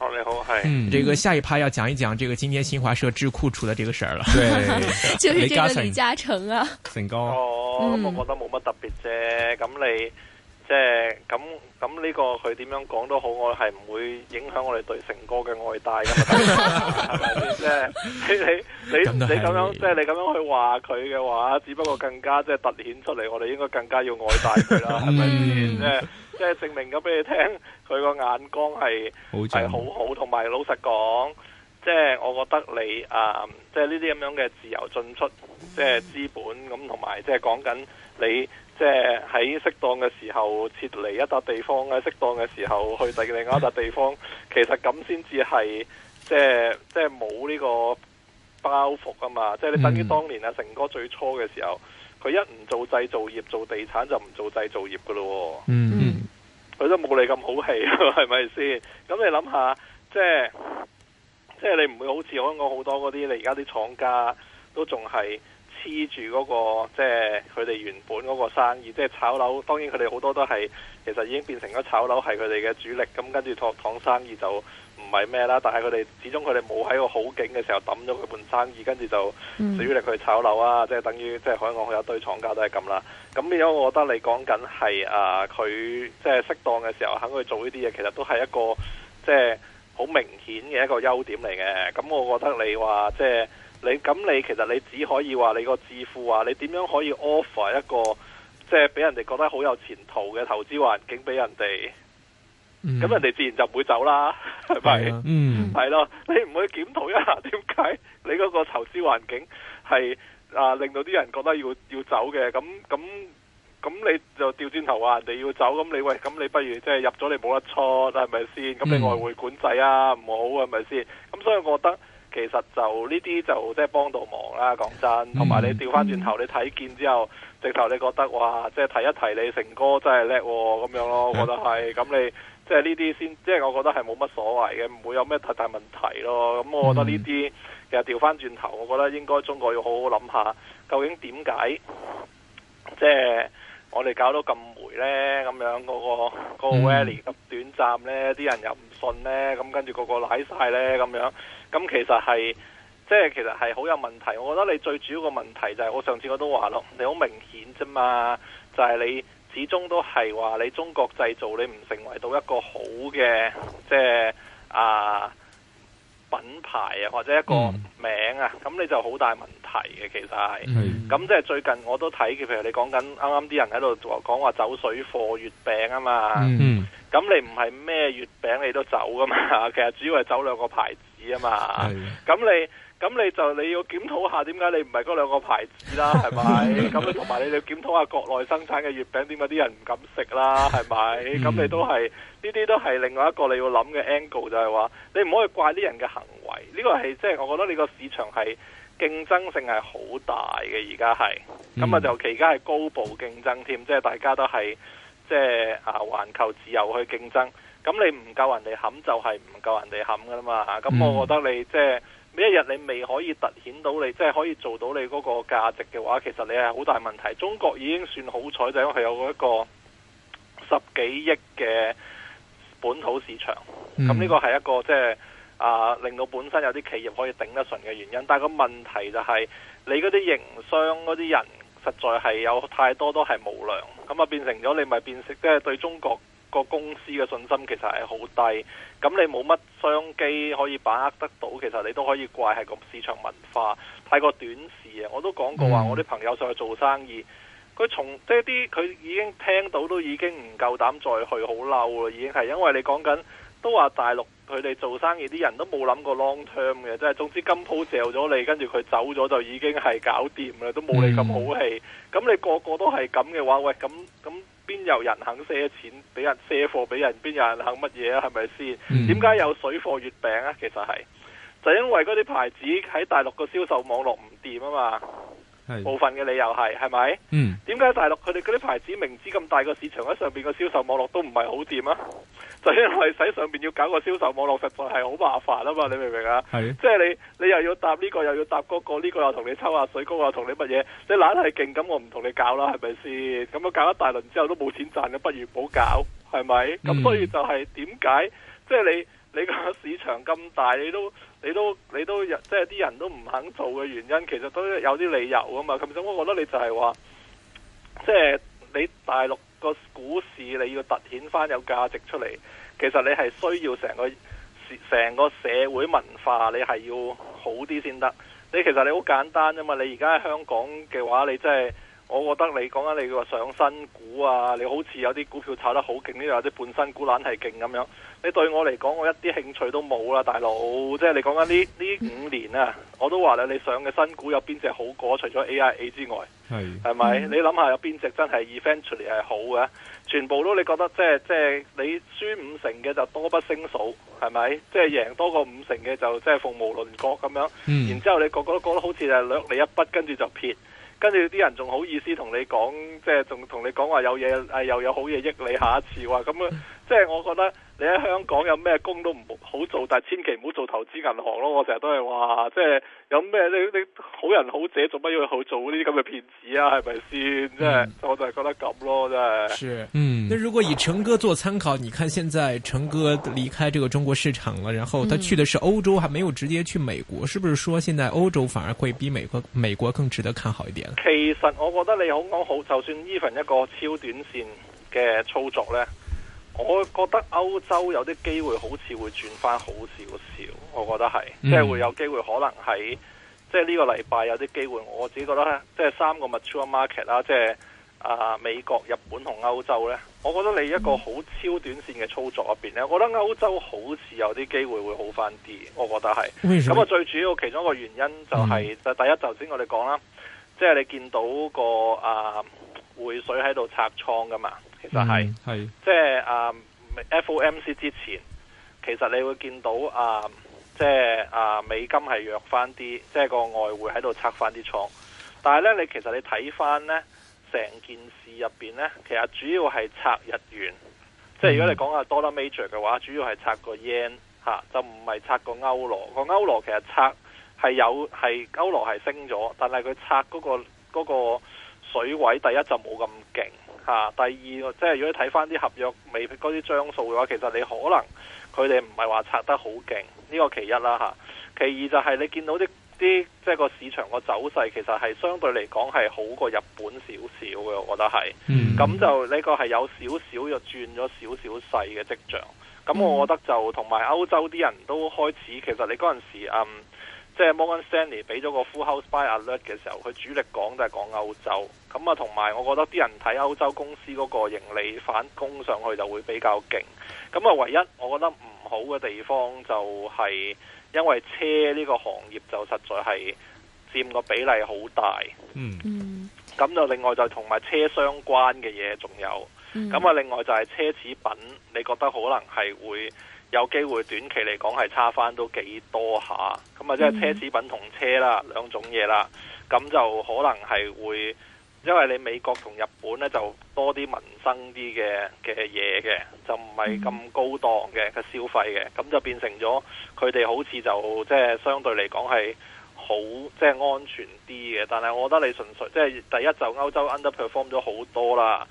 好、哦、你好係，嗯，這個下一 part 要講一講，這個今天新華社智庫出嘅這個事啦、嗯，對，對對對 就是這個李嘉誠啊，成哥，哦，嗯、我覺得冇乜特別啫，咁你即係咁咁呢個佢點樣講都好，我係唔會影響我哋對成哥嘅愛戴㗎，係咪先？即 係你你你這你咁樣即係、就是、你咁樣去話佢嘅話，只不過更加即係凸顯出嚟，我哋應該更加要愛戴佢啦，係咪先？即、嗯、係。 即係證明咗俾你聽，佢個眼光係係好好，同埋老實講，即係我覺得你啊，即係呢啲咁樣嘅自由進出，即係資本咁，同埋即係講緊你，即係喺適當嘅時候撤離一笪地方，喺適當嘅時候去第另外一笪地方， 其實咁先至係即係即係冇呢個包袱啊嘛！即係你等於當年阿成、嗯、哥最初嘅時候，佢一唔做製造業做地產就唔做製造業噶咯喎。嗯嗯。佢都冇你咁好戲，係咪先？噉你諗下，即係即係你唔會好似香港好多嗰啲，你而家啲廠家都仲係黐住嗰個即係佢哋原本嗰個生意，即係炒樓。當然佢哋好多都係其實已經變成咗炒樓係佢哋嘅主力。咁跟住託房生意就唔係咩啦。但係佢哋始終佢哋冇喺個好景嘅時候抌咗佢半生意，跟住就主力去炒樓啊、mm.！即係等於即係香港佢有一堆廠家都係咁啦。咁因為我覺得你講緊係啊，佢即係適當嘅時候肯去做呢啲嘢，其實都係一個即係好明顯嘅一個優點嚟嘅。咁我覺得你話即係。你咁你其實你只可以話你個致富啊，你點樣可以 offer 一個即係俾人哋覺得好有前途嘅投資環境俾人哋，咁、嗯、人哋自然就唔會走啦，係、嗯、咪？嗯，係咯，你唔會檢討一下點解你嗰個投資環境係啊，令到啲人覺得要要走嘅，咁咁咁你就掉轉頭話人哋要走，咁你喂咁你不如即係、就是、入咗你冇得出，係咪先？咁你外匯管制啊唔好係咪先？咁所以我覺得。其實就呢啲就即係幫到忙啦，講真。同埋你調翻轉頭，你睇見之後，嗯、直頭你覺得哇，即係、提一提你成哥真係叻喎，咁樣咯，我覺得係。咁你即係呢啲先，即係我覺得係冇乜所謂嘅，唔會有咩太大問題咯。咁我覺得呢啲、嗯、其實調翻轉頭，我覺得應該中國要好好諗下，究竟點解即係？就是我哋搞到咁霉呢，咁樣嗰個嗰個 value 咁短暫呢，啲人又唔信呢，咁跟住個個瀨晒呢，咁樣，咁其實係即係其實係好有問題。我覺得你最主要個問題就係，我上次我都話咯，你好明顯啫嘛，就係你始終都係話你中國製造，你唔成為到一個好嘅即係啊。品牌啊，或者一個名啊，咁、嗯、你就好大問題嘅，其實係，咁即係最近我都睇嘅，譬如你講緊啱啱啲人喺度講話走水貨月餅啊嘛。咁、嗯、你唔係咩月餅你都走噶嘛，其實主要係走兩個牌子啊嘛。咁你。咁你就你要檢討下點解你唔係嗰兩個牌子啦，係咪？咁同埋你要檢討下國內生產嘅月餅點解啲人唔敢食啦，係咪？咁、嗯、你都係呢啲都係另外一個你要諗嘅 angle，就係話你唔可以怪啲人嘅行為。呢、呢個係即係我覺得你個市場係競爭性係好大嘅，而家係咁啊，嗯、就期間係高步競爭添，即係大家都係即係啊，環球自由去競爭。咁你唔夠人哋冚就係唔夠人哋冚噶啦嘛。咁我覺得你、嗯、即係。一日你未可以突顯到你，即係可以做到你嗰個價值嘅話，其實你係好大問題。中國已經算好彩，就係佢有一個十幾億嘅本土市場，咁、嗯、呢個係一個即係啊，令到本身有啲企業可以頂得順嘅原因。但係個問題就係，你嗰啲營商嗰啲人實在係有太多都係無良，咁啊變成咗你咪變成即係對中國。個公司嘅信心其實係好低，咁你冇乜商機可以把握得到，其實你都可以怪係個市場文化太過短視啊！我都講過話，我啲朋友上去做生意，佢、嗯、從即係啲佢已經聽到都已經唔夠膽再去，好嬲咯，已經係因為你講緊都話大陸佢哋做生意啲人都冇諗過 long term 嘅，即係總之金鋪嚼咗你，跟住佢走咗就已經係搞掂啦，都冇你咁好氣。咁、嗯、你個個都係咁嘅話，喂，咁咁。那邊有人肯借錢俾人，借貨俾人，邊有人肯乜嘢啊？係咪先？嗯、點解有水貨月餅啊？其實係就因為嗰啲牌子喺大陸個銷售網絡唔掂啊嘛。部分嘅理由係係咪？點解、嗯、大陸佢哋嗰啲牌子明知咁大個市場喺上邊個銷售網絡都唔係好掂啊？就因為喺上邊要搞個銷售網絡實在係好麻煩啊嘛？你明唔明啊？係即係你你又要搭呢個，又要搭嗰個，呢個又同你抽下水，嗰個又同你乜嘢？你懶係勁咁，我唔同你搞啦，係咪先？咁樣搞一大輪之後都冇錢賺，咁不如唔好搞，係咪？咁、嗯、所以就係點解？即係你你個市場咁大，你都你都你都，你都即係啲人都唔肯做嘅原因，其實都有啲理由啊嘛。咁所以我覺得你就係話，即係你大陸個股市你要凸顯翻有價值出嚟，其實你係需要成個成個社會文化你係要好啲先得。你其實你好簡單啫嘛。你而家喺香港嘅話，你即係我覺得你講緊你話上新股啊，你好似有啲股票炒得好勁啲，或者半新股懶係勁咁樣。你對我嚟講，我一啲興趣都冇啦，大佬。即係你講緊呢呢五年啊，我都話啦，你上嘅新股有邊隻好過除咗 AIA 之外，係係咪？你諗下有邊隻真係 eventually 係好嘅？全部都你覺得即係即係你輸五成嘅就多不勝數，係咪？即係贏多過五成嘅就即係鳳毛麟角咁樣。嗯、然之後你個個都覺得好似係掠你一筆，跟住就撇，跟住啲人仲好意思同你講，即係仲同你講話有嘢又有好嘢益你下一次話，話咁啊，即係我覺得。你喺香港有咩工都唔好做，但係千祈唔好做投資銀行咯。我成日都係話，即係有咩你你好人好者做乜要去好做呢啲咁嘅騙子啊？係咪先？即、嗯、係我就覺得咁咯，真係。是，嗯，嗯。那如果以成哥做參考，你看現在成哥離開這個中國市場了，然後他去的是歐洲，還沒有直接去美國，是不是說現在歐洲反而會比美國美國更值得看好一點？其實我覺得你好講好，就算 even 一個超短線嘅操作呢我覺得歐洲有啲機會，好似會轉翻好少少。我覺得係、嗯，即係會有機會，可能喺即係呢個禮拜有啲機會。我自己覺得咧，即係三個 mature market 啦，即係啊美國、日本同歐洲咧。我覺得你一個好超短線嘅操作入邊咧，我覺得歐洲好似有啲機會會好翻啲。我覺得係。咁、嗯、啊，最主要其中一個原因就係、是嗯，第一，頭先我哋講啦，即係你見到個啊匯水喺度拆倉噶嘛。其實係係、嗯，即係啊、uh,，FOMC 之前，其實你會見到啊，uh, 即係啊，uh, 美金係弱翻啲，即、就、係、是、個外匯喺度拆翻啲倉。但係呢，你其實你睇翻呢成件事入邊呢，其實主要係拆日元。嗯、即係如果你講啊，dollar major 嘅話，主要係拆個 yen 吓、啊，就唔係拆個歐羅。個歐羅其實拆係有係歐羅係升咗，但係佢拆嗰、嗰個、嗰個水位，第一就冇咁勁。啊！第二，即係如果你睇翻啲合約尾嗰啲張數嘅話，其實你可能佢哋唔係話拆得好勁，呢個其一啦嚇。其二就係你見到啲啲即係個市場個走勢，其實係相對嚟講係好過日本少少嘅，我覺得係。嗯。咁就呢個係有少少又轉咗少少細嘅跡象。咁我覺得就同埋歐洲啲人都開始，其實你嗰陣時嗯。即係 Morgan Stanley 俾咗個 Full House Buy Alert 嘅時候，佢主力講都係講歐洲，咁啊，同埋，我覺得啲人睇歐洲公司嗰個盈利反攻上去就會比較勁，咁啊唯一我覺得唔好嘅地方就係因為車呢個行業就實在係佔個比例好大，嗯，咁就另外就同埋車相關嘅嘢，仲有，咁啊另外就係奢侈品，你覺得可能係會？有機會短期嚟講係差翻都幾多下，咁啊即係奢侈品同車啦兩種嘢啦，咁就可能係會，因為你美國同日本呢，就多啲民生啲嘅嘅嘢嘅，就唔係咁高檔嘅嘅消費嘅，咁就變成咗佢哋好似就即係、就是、相對嚟講係好即係、就是、安全啲嘅，但係我覺得你純粹即係、就是、第一就歐洲 underperform 咗好多啦。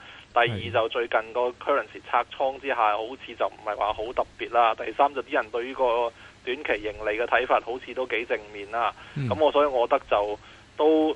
第二就最近個 currency 拆倉之下，好似就唔係話好特別啦。第三就啲、是、人對於個短期盈利嘅睇法，好似都幾正面啦。咁、嗯、我所以我覺得就都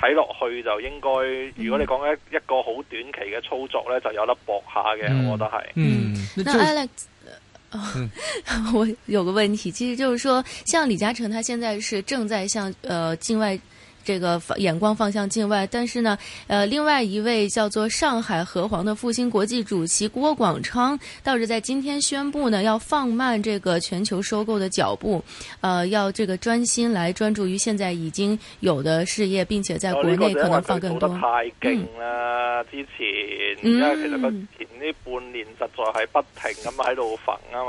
睇落去就應該，如果你講一一個好短期嘅操作咧，就有得搏下嘅，我覺得係。嗯，那 Alex， 我有個問題，其實就是說像李嘉誠，他現在是正在向、呃、境外。這個眼光放向境外，但是呢，呃，另外一位叫做上海和黃的復星國際主席郭廣昌，倒是在今天宣布呢，要放慢這個全球收購的腳步，呃，要這個專心來專注於現在已經有的事業，並且在國內可能放更多，這個，太勁啦，嗯，之前，因為其實佢前呢半年實在係不停咁喺度揈啊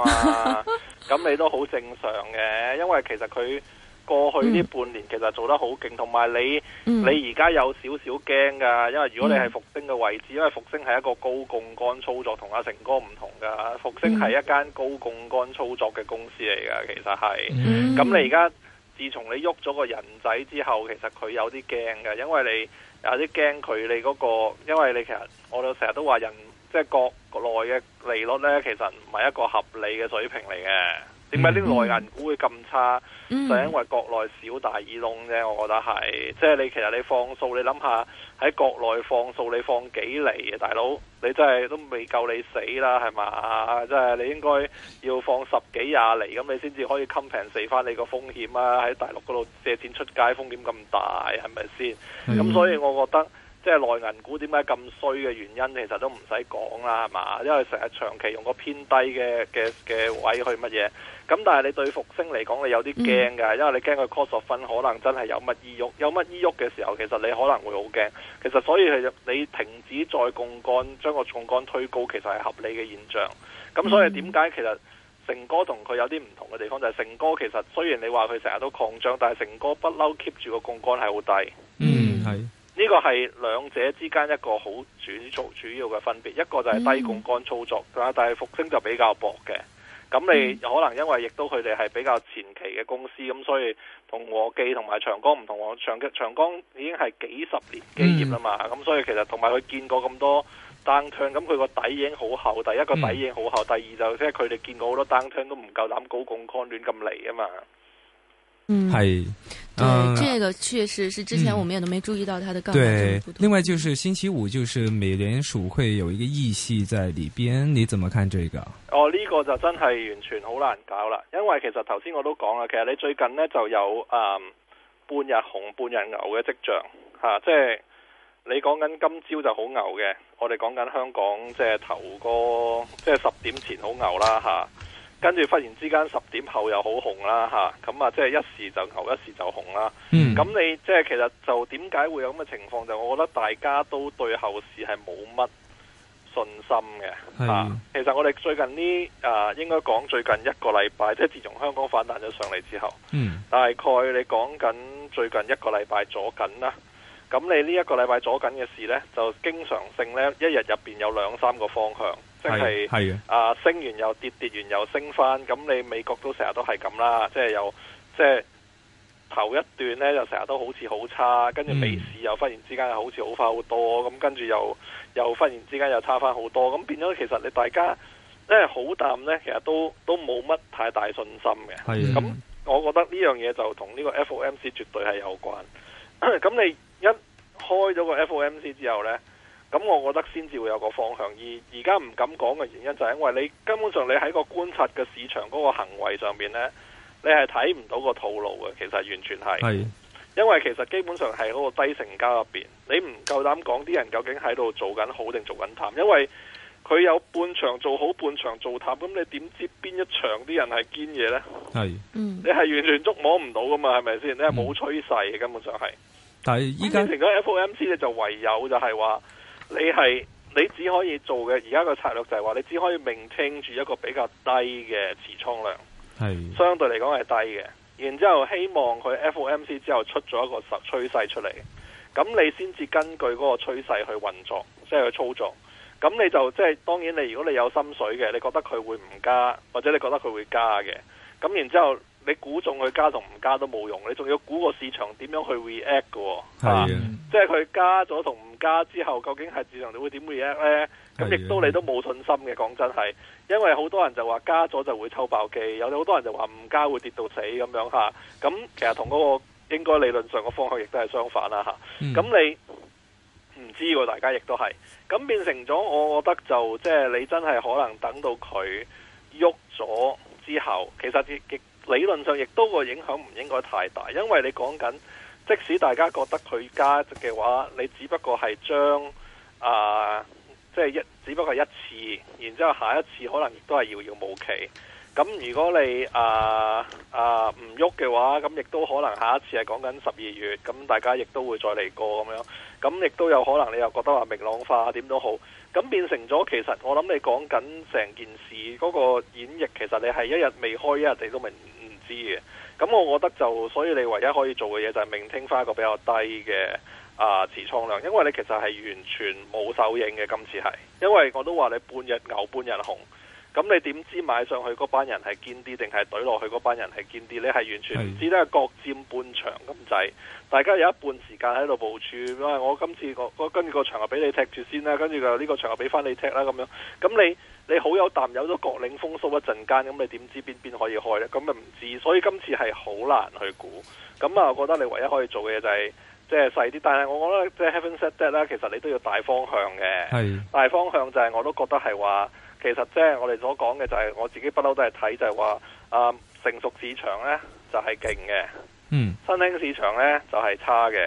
嘛，咁 你都好正常嘅，因為其實佢。過去呢半年其實做得好勁，同埋你你而家有少少驚噶，因為如果你係複星嘅位置，因為複星係一個高槓杆操作，同阿成哥唔同噶，複星係一間高槓杆操作嘅公司嚟噶，其實係。咁你而家自從你喐咗個人仔之後，其實佢有啲驚㗎，因為你有啲驚佢你嗰個，因為你其實我哋成日都話人，即係國內嘅利率呢，其實唔係一個合理嘅水平嚟嘅。點解啲內銀股會咁差？嗯嗯，就因為國內小大耳窿啫，我覺得係。即係你其實你放數，你諗下喺國內放數，你放幾厘？啊？大佬，你真係都未夠你死啦，係嘛？即、就、係、是、你應該要放十幾廿厘咁，你先至可以襟平死翻你個風險啊！喺大陸嗰度借錢出街風險咁大，係咪先？咁、嗯嗯、所以我覺得。即係內銀股點解咁衰嘅原因，其實都唔使講啦，係嘛？因為成日長期用個偏低嘅、嘅、嘅位去乜嘢。咁但係你對復星嚟講，你有啲驚噶，因為你驚佢 cost of fund 可能真係有乜意郁，有乜意郁嘅時候，其實你可能會好驚。其實所以你停止再槓桿，將個槓桿推高，其實係合理嘅現象。咁所以點解其實成哥同佢有啲唔同嘅地方，就係、是、成哥其實雖然你話佢成日都擴張，但係成哥不嬲 keep 住個槓桿係好低。嗯，係。呢、這個係兩者之間一個好主主主要嘅分別，一個就係低槓桿操作，嗯、但係復星就比較薄嘅。咁你可能因為亦都佢哋係比較前期嘅公司，咁所以同和，和記同埋長江唔同，長長江已經係幾十年基業啦嘛。咁、嗯、所以其實同埋佢見過咁多 down trend 咁佢個底已經好厚。第一個底已經好厚，嗯，第二就即係佢哋見過好多 down trend 都唔夠膽高槓桿亂咁嚟啊嘛。嗯，係。嗯、這個確實是之前我們也都沒注意到它的槓桿不同、嗯、對，另外就是星期五就是美聯儲會有一個議息在裏邊，你怎麼看這個？哦，呢、這個就真係完全好難搞啦，因為其實頭先我都講啦，其實你最近咧就有誒、嗯、半日紅半日牛嘅跡象吓，即係你講緊今朝就好牛嘅，我哋講緊香港即係頭個即係十點前好牛啦吓。跟住忽然之間十點後又好紅啦嚇，咁啊即係一時就牛，一時就紅啦。咁你即係其實就點解會有咁嘅情況？就我覺得大家都對後市係冇乜信心嘅。其實我哋最近呢、啊、應該講最近一個禮拜，即係自從香港反彈咗上嚟之後，嗯，大概你講緊最近一個禮拜左緊啦。咁你呢一個禮拜左緊嘅事呢，就經常性呢，一日入面有兩三個方向。即係啊，升完又跌，跌完又升翻。咁你美國都成日都係咁啦，即係又即係頭一段呢，就成日都好似好差，跟住美市又忽然之間又好似好快好多，咁跟住又又忽然之間又差翻好多。咁變咗，其實你大家即係好淡呢，其實都都冇乜太大信心嘅。咁，我覺得呢樣嘢就同呢個 FOMC 絕對係有關。咁你一開咗個 FOMC 之後呢。咁我覺得先至會有個方向，而而家唔敢講嘅原因就係因為你根本上你喺個觀察嘅市場嗰個行為上面呢，你係睇唔到個套路嘅，其實完全係。係因為其實基本上係嗰個低成交入面，你唔夠膽講啲人究竟喺度做緊好定做緊淡，因為佢有半場做好，半場做淡，咁你點知邊一場啲人係堅嘢呢？係你係完全捉摸唔到㗎嘛？係咪先？你係冇趨勢，根本上係。但係依家 FOMC 就唯有就係話。你係你只可以做嘅，而家個策略就係話，你只可以 maintain 住一個比較低嘅持倉量，係相對嚟講係低嘅。然之後希望佢 FOMC 之後出咗一個實趨勢出嚟，咁你先至根據嗰個趨勢去運作，即係去操作。咁你就即係當然，你如果你有心水嘅，你覺得佢會唔加，或者你覺得佢會加嘅，咁然之後。你估中佢加同唔加都冇用，你仲要估個市場點樣去 react 㗎，啊啊。即係佢加咗同唔加之後，究竟係市場你會點 react 咧？咁亦都你都冇信心嘅，講真係，因為好多人就話加咗就會抽爆機，有好多人就話唔加會跌到死咁樣吓。咁其實同嗰個應該理論上個方向亦都係相反啦、啊、吓。咁、嗯、你唔知個，大家亦都係咁變成咗。我覺得就即係、就是、你真係可能等到佢喐咗之後，其實理論上亦都個影響唔應該太大，因為你講緊，即使大家覺得佢加嘅話，你只不過係將啊，即、呃、係、就是、一，只不過係一次，然之後下一次可能亦都係遙遙無期。咁如果你啊啊唔喐嘅話，咁亦都可能下一次係講緊十二月，咁大家亦都會再嚟過咁樣，咁亦都有可能你又覺得話明朗化點都好。咁變成咗，其實我諗你講緊成件事嗰個演繹，其實你係一日未開一日你都明唔知嘅。咁我覺得就，所以你唯一可以做嘅嘢就係明聽翻一個比較低嘅啊持倉量，因為你其實係完全冇手影嘅今次係，因為我都話你半日牛半日紅。咁你點知買上去嗰班人係堅啲，定係懟落去嗰班人係堅啲？你係完全唔知，都係各佔半場咁滯，大家有一半時間喺度部署。因為我今次個跟住個場又俾你踢住先啦，跟住呢個場又俾翻你踢啦咁樣。咁你你好有啖，有咗各領風騷一陣間，咁你點知邊邊可以開呢？咁啊唔知，所以今次係好難去估。咁啊，我覺得你唯一可以做嘅嘢就係即係細啲，但係我覺得即係 having said that 啦，其實你都要大方向嘅，大方向就係、是、我都覺得係話。其實啫，我哋所講嘅就係我自己不嬲都係睇，就係話成熟市場呢就係勁嘅，嗯，新興市場呢就係、是、差嘅。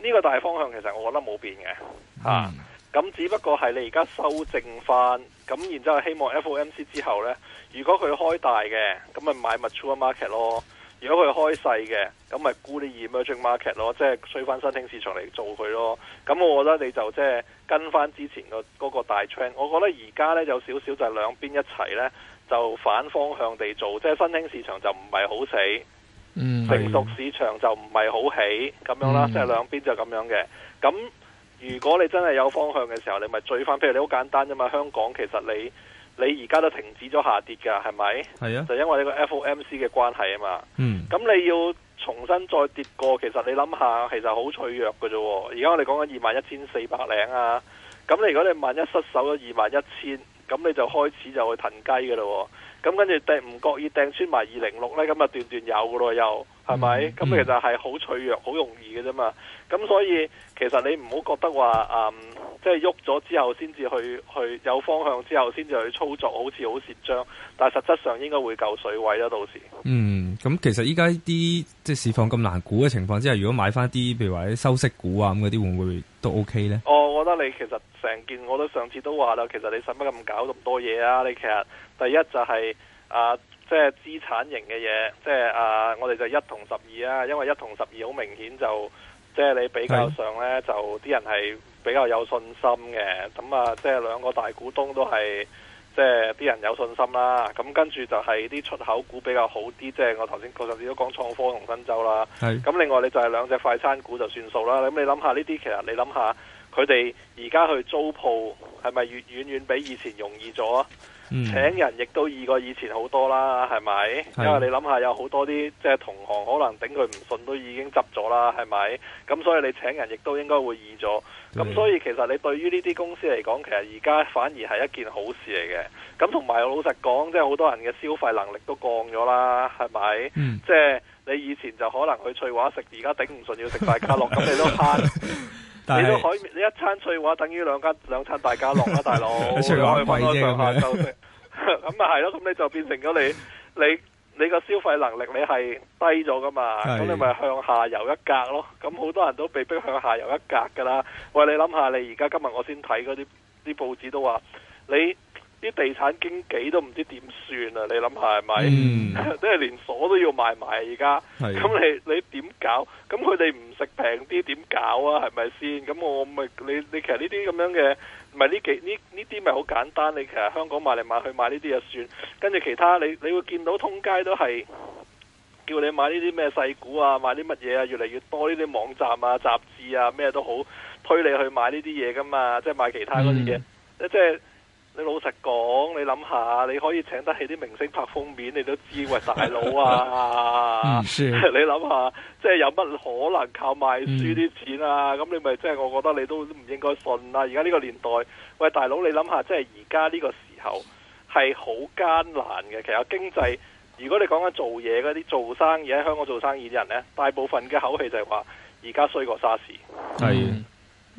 呢、這個大方向其實我覺得冇變嘅咁、嗯、只不過係你而家修正翻，咁然之後希望 FOMC 之後呢，如果佢開大嘅，咁咪買 m a t u r e market 咯。如果佢開細嘅，咁咪估啲 emerging market 咯，即係追翻新興市場嚟做佢咯。咁我覺得你就即係跟翻之前個嗰個大 trend。我覺得而家呢，有少少就係兩邊一齊呢，就反方向地做，即係新興市場就唔係好死，成、嗯、熟市場就唔係好起咁樣啦。即、嗯、係、就係、兩邊就咁樣嘅。咁如果你真係有方向嘅時候，你咪追翻。譬如你好簡單啫嘛，香港其實你。你而家都停止咗下跌噶，係咪？係啊，就因為呢個 FOMC 嘅關係啊嘛。嗯。咁你要重新再跌過，其實你諗下，其實好脆弱嘅啫。而家我哋講緊二萬一千四百零啊，咁你如果你萬一失手咗二萬一千，咁你就開始就會騰雞嘅咯。咁跟住掟唔覺意掟穿埋二零六咧，咁啊段段有嘅咯，又係咪？咁、嗯、其實係好脆弱、好容易嘅啫嘛。咁所以其實你唔好覺得話嗯即係喐咗之後，先至去去有方向之後，先至去操作，好似好蝕章，但實質上應該會夠水位啦。到時嗯，咁其實依家啲即係市況咁難估嘅情況之下，如果買翻啲，譬如話啲收息股啊咁嗰啲，會唔會都 OK 呢？我覺得你其實成件我都上次都話啦，其實你使乜咁搞咁多嘢啊？你其實第一就係、是、啊，即係資產型嘅嘢，即係啊，我哋就一同十二啊，因為一同十二好明顯就即係你比較上呢，是的就啲人係。比較有信心嘅，咁啊，即係兩個大股東都係，即係啲人有信心啦。咁跟住就係啲出口股比較好啲，即係我頭先個陣都講創科同新洲啦。係。咁另外你就係兩隻快餐股就算數啦。咁你諗下呢啲，其實你諗下，佢哋而家去租鋪係咪越遠遠比以前容易咗啊？嗯、請人亦都易過以前好多啦，係咪？因為你諗下有好多啲即係同行可能頂佢唔順都已經執咗啦，係咪？咁所以你請人亦都應該會易咗。咁所以其實你對於呢啲公司嚟講，其實而家反而係一件好事嚟嘅。咁同埋老實講，即係好多人嘅消費能力都降咗啦，係咪、嗯？即係你以前就可能去翠華食，而家頂唔順要食大家樂，咁 你都慳。 你個海你一餐翠華，等於兩間兩餐大家樂啦，大佬。佢 翻下咁咪係咯，咁 你就變成咗你你你個消費能力你係低咗噶嘛，咁 你咪向下游一格咯。咁好多人都被逼向下游一格噶啦。喂，你諗下你，你而家今日我先睇嗰啲啲報紙都話你。啲地產經紀都唔知點算啊！你諗下係咪？嗯，都 係連鎖都要賣埋而家。咁你你點搞？咁佢哋唔食平啲點搞啊？係咪先？咁我咪你你其實呢啲咁樣嘅，唔係呢幾呢呢啲咪好簡單？你其實香港買嚟買去買呢啲就算，跟住其他你你會見到通街都係叫你買呢啲咩細股啊，買啲乜嘢啊，越嚟越多呢啲網站啊、雜誌啊，咩都好推你去買呢啲嘢㗎嘛，即係買其他嗰啲嘢，即係。你老實講，你諗下，你可以請得起啲明星拍封面，你都知喂，大佬啊！ 啊你諗下，即係有乜可能靠賣書啲錢啊？咁、嗯、你咪即係，我覺得你都唔應該信啦、啊。而家呢個年代，喂，大佬，你諗下，即係而家呢個時候係好艱難嘅。其實經濟，如果你講緊做嘢嗰啲做生意喺香港做生意啲人呢，大部分嘅口氣就係話、嗯，而家衰過沙士。」係。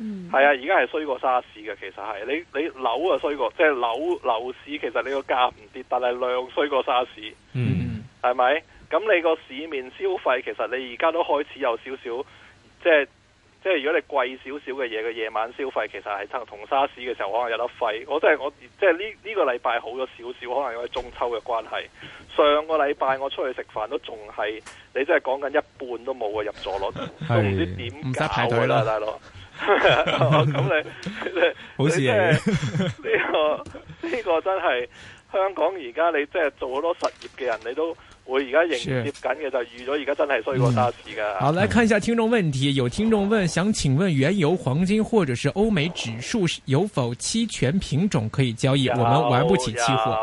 係、嗯、啊，而家係衰過沙士嘅，其實係你你樓啊衰過，即係樓樓市其實你個價唔跌，但係量衰過沙士。嗯，係咪？咁你個市面消費其實你而家都開始有少少，即係即係如果你貴少少嘅嘢嘅夜晚消費，其實係同同沙士嘅時候可能有得揮。我真、就、係、是、我即係呢呢個禮拜好咗少少，可能因為中秋嘅關係。上個禮拜我出去食飯都仲係，你真係講緊一半都冇嘅入座率，都唔知點搞啦，大佬。咁 那你，好似嘢呢個呢、這個真係香港而家你即係做好多實業嘅人，你都會而家迎接緊嘅就是、預咗而家真係衰過沙士㗎、嗯。好，嚟，看一下聽眾問題，有聽眾問想請問原油、黃金或者是歐美指數有否期權品種可以交易？哦、我們玩不起期貨。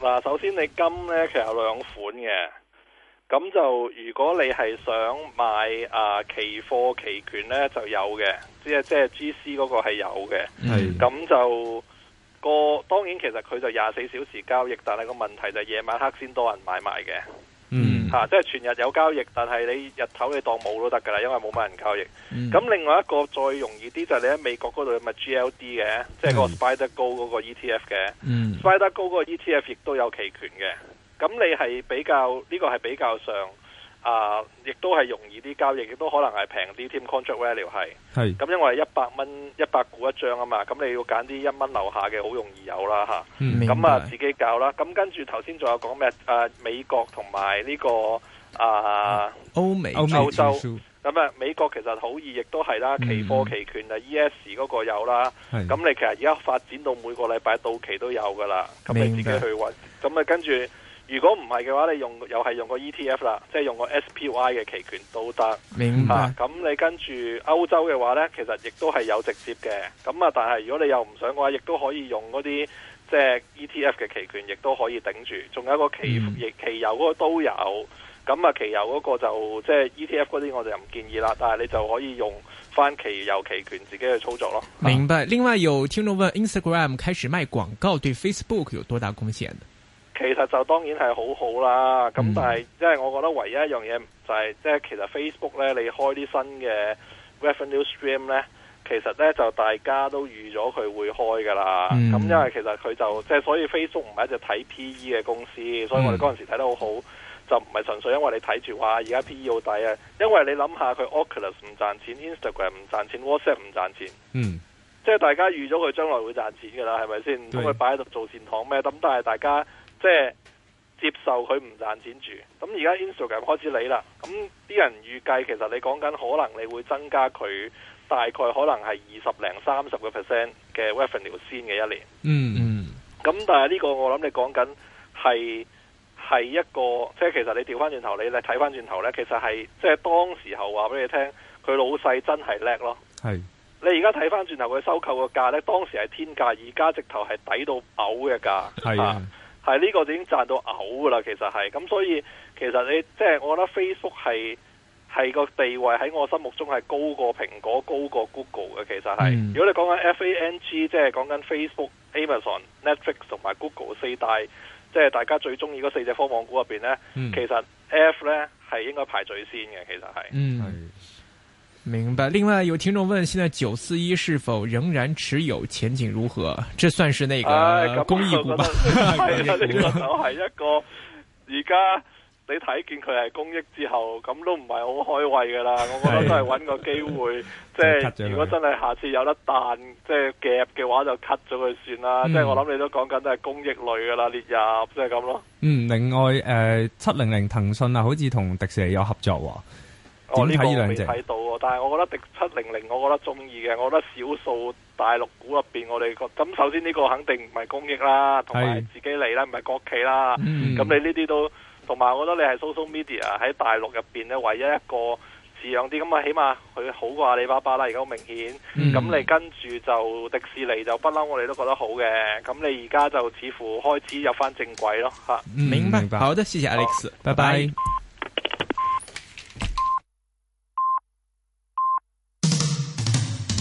嗱，首先你金咧其實有兩款嘅。咁就如果你係想買啊、呃、期貨期權呢，就有嘅，即係即係 GC 嗰個係有嘅。咁、嗯、就個當然其實佢就廿四小時交易，但係個問題就夜晚黑先多人買賣嘅。嚇、嗯啊，即係全日有交易，但係你日頭你當冇都得㗎啦，因為冇乜人交易。咁、嗯、另外一個再容易啲就係你喺美國嗰度有咪 GLD 嘅，即、嗯、係、就是、個 Spider Go 嗰個 ETF 嘅、嗯、Spider Go 嗰個 ETF 亦都有期權嘅。咁你係比較呢、呢個係比較上啊、呃，亦都係容易啲交易，亦都可能係平啲添。Contract value 係，咁，因為一百蚊一百股一張啊嘛，咁你要揀啲一蚊樓下嘅，好容易有啦吓，咁啊、啊，自己教啦。咁跟住頭先仲有講咩？誒、啊、美國同埋呢個啊歐美歐洲，咁啊美、美國其實好易，亦都係啦，期貨期權啊 ES 嗰個有啦。咁你其實而家發展到每個禮拜到期都有噶啦，咁你自己去揾。咁啊跟住。如果唔係嘅話，你用又係用個 ETF 啦，即係用個 SPY 嘅期權都得。明白。咁、啊、你跟住歐洲嘅話呢，其實亦都係有直接嘅。咁啊，但係如果你又唔想嘅話，亦都可以用嗰啲即係 ETF 嘅期權，亦都可以頂住。仲有一個期期油嗰個都有。咁啊，期油嗰個就即係 ETF 嗰啲我就唔建議啦。但係你就可以用翻期油期權自己去操作咯。明白。啊、另外有聽眾問，Instagram 開始賣廣告對 Facebook 有多大貢獻？其實就當然係好好啦，咁但係因為我覺得唯一一樣嘢就係即係其實 Facebook 呢，你開啲新嘅 Revenue Stream 呢，其實呢，就大家都預咗佢會開噶啦。咁、嗯、因為其實佢就即係所以 Facebook 唔係一隻睇 PE 嘅公司，所以我哋嗰陣時睇得好好，嗯、就唔係純粹因為你睇住話而家 PE 好抵啊。因為你諗下佢 Oculus 唔賺錢，Instagram 唔賺錢，WhatsApp 唔賺錢，嗯，即、就、係、是、大家預咗佢將來會賺錢噶啦，係咪先？唔通佢擺喺度做善堂咩？咁但係大家，即係接受佢唔賺錢住，咁而家 Instagram 開始理啦，咁啲人預計其實你講緊可能你會增加佢大概可能係二十零三十個 percent 嘅 revenue 先嘅一年。嗯嗯。咁但係呢個我諗你講緊係係一個，即係其實你調翻轉頭，你嚟睇翻轉頭呢，其實係即係當時候話俾你聽，佢老細真係叻咯。係。你而家睇翻轉頭佢收購個價呢，當時係天價，而家直頭係抵到嘔嘅價。係啊。係呢、這個已經賺到嘔㗎喇，其實係咁，所以其實你即係、就是、我覺得 Facebook 係係個地位喺我心目中係高過蘋果、高過 Google 嘅，其實係。如果你講緊 FANG，即係講緊 Facebook、Amazon、Netflix 同埋 Google 四大，即、就、係、是、大家最中意嗰四隻科網股入邊呢。嗯、其實 F 呢係應該排最先嘅，其實係。嗯是明白。另外有聽眾問，現在九四一是否仍然持有，前景如何？這算是那個、哎嗯、公益股吧？就係一個，而家你睇見佢係公益之後，咁都唔係好開胃噶啦。我覺得都係揾個機會，即係如果真係下次有得彈，即係夾嘅話就 cut 咗佢算啦。即係我諗你都講緊都係公益類噶啦，列入即係咁咯。嗯，另外誒，七零零騰訊啊，好似同迪士尼有合作喎。這個、我呢個未睇到喎，但係我覺得迪七零零我，我覺得中意嘅。我覺得少數大陸股入面，我哋咁首先呢個肯定唔係公益啦，同埋自己嚟啦，唔係國企啦。咁、嗯、你呢啲都同埋，我覺得你係 social media 喺大陸入面咧唯一一個似樣啲咁，啊，起碼佢好過阿里巴巴啦，而家好明顯。咁、嗯、你跟住就迪士尼就不嬲，我哋都覺得好嘅。咁你而家就似乎開始入翻正軌咯、嗯、明白，好的，謝謝 Alex，拜拜。拜拜。